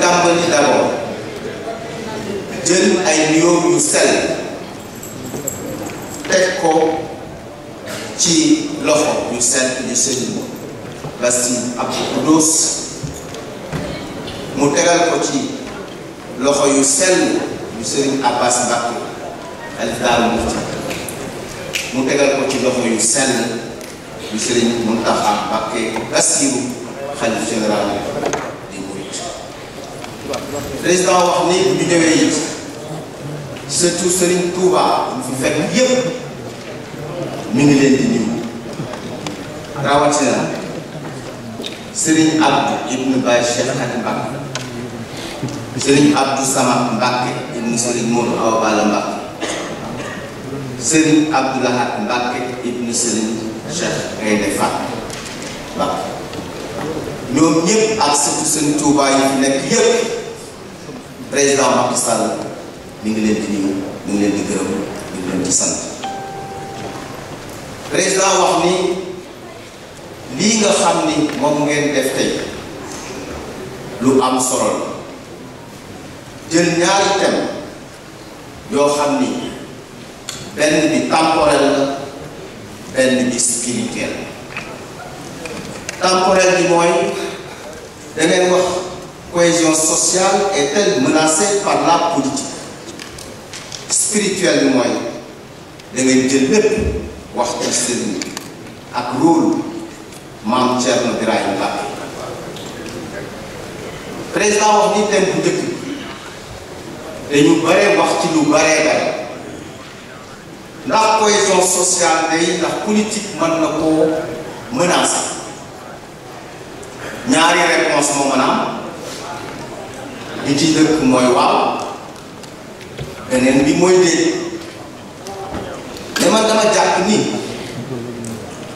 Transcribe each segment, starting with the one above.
company d'abord jël ay nuyoo yu sell teg ko ci loxo yu sell yu sëriñ Bassirou Abdou Khoudoss mu tegal ko ci loxo yu sell yu sëriñ Abbas Mbacké xalif Daaru Muxti mu tegal ko ci loxo yu sell yu sëriñ Mountakha Mbacké Bassirou xalif général président wax ni bu ñu ñëwee it surtout Serigne Touba ñu fi fekk yëpp mi ngi leen di nuyu rawatina Serigne Abdou Ibn Baye Cheikh Khady Mbacke Serigne Abdou Samad Mbacke Ibn Serigne Modou Awa Balla Mbacke Serigne Abdou Lahad Mbacke Ibn Serigne Cheikh Gaynde Fatma Mbacke ñoom ñëpp ak surtout Serigne Touba yi fi nekk yëpp. président Macky Sall mi ngi leen di nuyu mi ngi leen di gërëm mi ngi leen di sant président wax ni lii nga xam ni moom ngeen def tey lu am solo la jël ñaari thème yoo xam ni benn bi temporel la benn bi spirituel temporel bi mooy da ngeen wax La cohésion sociale est-elle menacée par la politique Spirituellement, nous je vais dire le peuple, je vais dire le peuple, je vais le président a dit que et nous barrons, nous de La cohésion sociale et la politique Il menacent. Nous avons une réponse, moment-là bi ci dëkk mooy waaw beneen bi mooy déet mais man dama jàpp ni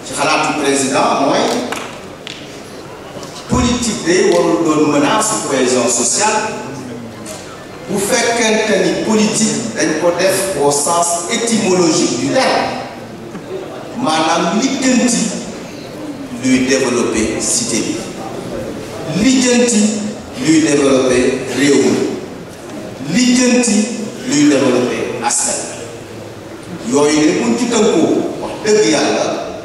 ci xalaatu président mooy politique day warul doon menace cohésion sociale bu fekkente ni politique dañ ko def au sens étymologique du terme maanaam lijjanti luy développer cité bi lijjanti luy développé réew lijjanti luy développé askan yooyu ne buñ ci tënkoo wax dëgg yàlla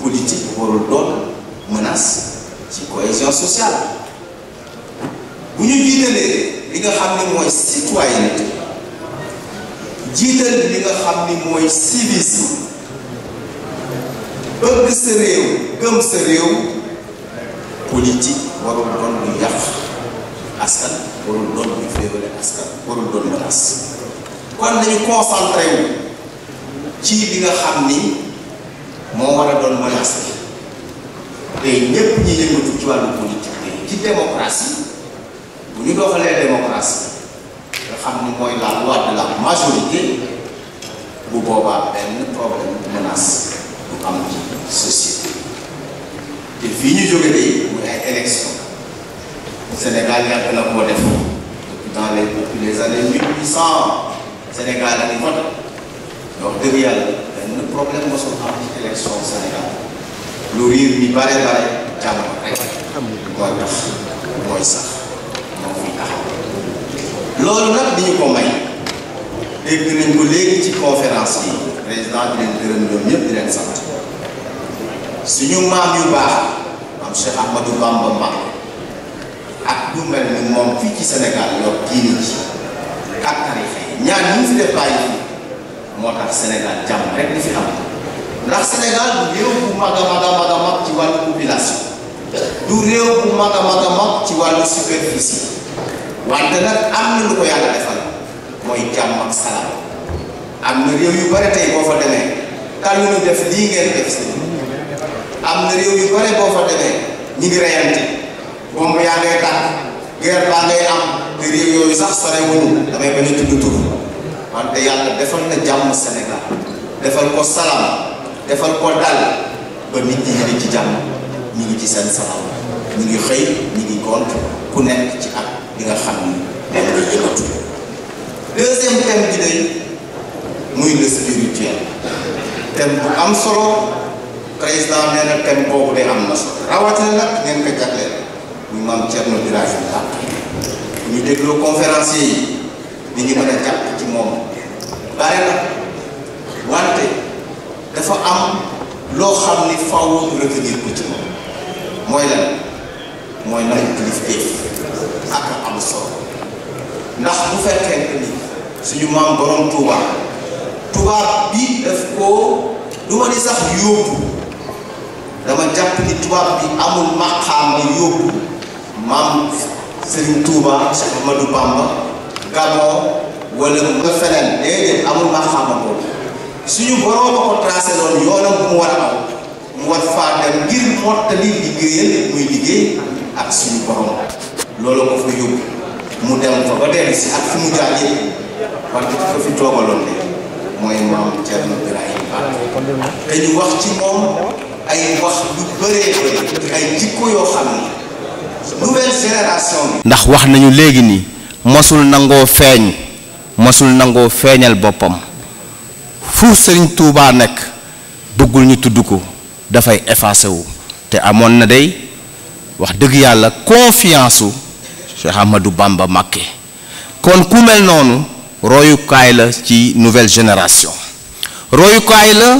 politique warul doon menace ci cohésion sociale bu ñu jiitalee li nga xam ni mooy citoyenneté jiital li nga xam ni mooy civisme bëgg sa réew gëm sa réew politique warul doon askan warul doon ñu féewale askan warul doon ñu tas kon dañu concentré wu ci bi nga xam ni moo war a doon menace bi tey ñëpp ñi yëngatu ci wàllu politique tey ci démocratie bu ñu doxalee démocratie nga xam ni mooy la loi de la majorité bu boobaa benn problème menace bu am ci société te fii ñu jóge day muy ay élection Sénégal yàgg na koo def dans les depuis les années mille huit cent Sénégal a ngi vote donc dëgg yàlla benn problème mosul am ci élection Sénégal lu riir mi bare bare jàmm rek mooy tax conférence yi président di leen maam yu baax am Cheikh Ahmadou Bamba Mbacke ak bu mel moom fii ci Sénégal yor diini ji ak tariixa yi ñaan fi def bàyyi moo tax Sénégal jàmm rek di fi am ndax Sénégal réew bu mag a mag ci wàllu population du réew bu mag a mag a ci wàllu superficie am na lu ko yàlla defal mooy jàmm ak salaam am na réew yu bare tey boo fa demee kan lu ñu def lii ngeen def si am na réew yu bare boo fa demee ñu ngi reyante moom yaa ngay guerre baa ngay am te réew yooyu sax sorewuñu damay bañ a tudd tur wante yàlla defal na jàmm Sénégal defal ko salaam defal ko dal ba nit ñi ñu ngi ci jàmm ñu ngi ci seen salaam ñu ngi xëy ñu ngi gont ku nekk ci nga deuxième thème bi day muy le spirituel thème bu am solo président nee na thème boobu day am na solo rawatina nag ngeen ko muy maam Thierno Birahim Tall bu ñu dégloo conférence yi nit ñi mën a jàpp ci moom bare na wante dafa am loo xam ni faaw ñu retenir ko ci moom mooy lan mooy nangu kilifteef ak am solo ndax bu fekkente ni suñu maam borom Touba tubaab bi daf koo du ni sax yóbbu dama jàpp ni tubaab bi amul maqaam ni yóbbu Mam Serigne Touba Cheikh mamadou Bamba gabo wala nga fenen dede amul ma xam boobu suñu borom ko tracé loon yoonam bu mu wara am mu war fa dem ngir motali liggéeyal muy liggéey ak suñu borom lolo ko fa yob mu dem fa ba dem si ak fu mu jaar yëpp parce que fi togalon de moy mam cheikh ibrahim Ba te ñu wax ci mom ay wax lu bëree ay jikko ndax wax nañu léegi nii mosul nangoo feeñ mosul nangoo feeñal boppam fu Sëriñ Tuubaa nekk bëggul ñu tudd ko dafay effacé wu te amoon na day wax dëgg yàlla confiance su Cheikh Ahmadou Bamba Mbacké kon ku mel noonu royukaay la ci nouvelle génération royukaay la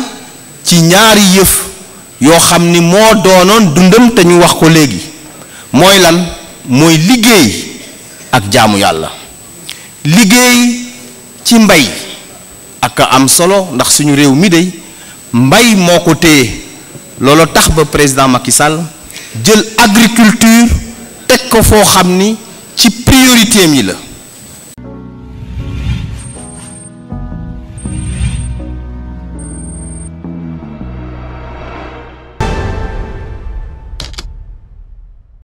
ci ñaari yëf yoo xam ni moo doonoon dundam te ñu wax ko léegi. mooy lan mooy liggéey ak jaamu yàlla liggéey ci mbay ak am solo ndax suñu réew mi dey mbay moo ko téye loolu tax ba président Macky Sall jël agriculture teg ko foo xam ni ci priorité mi la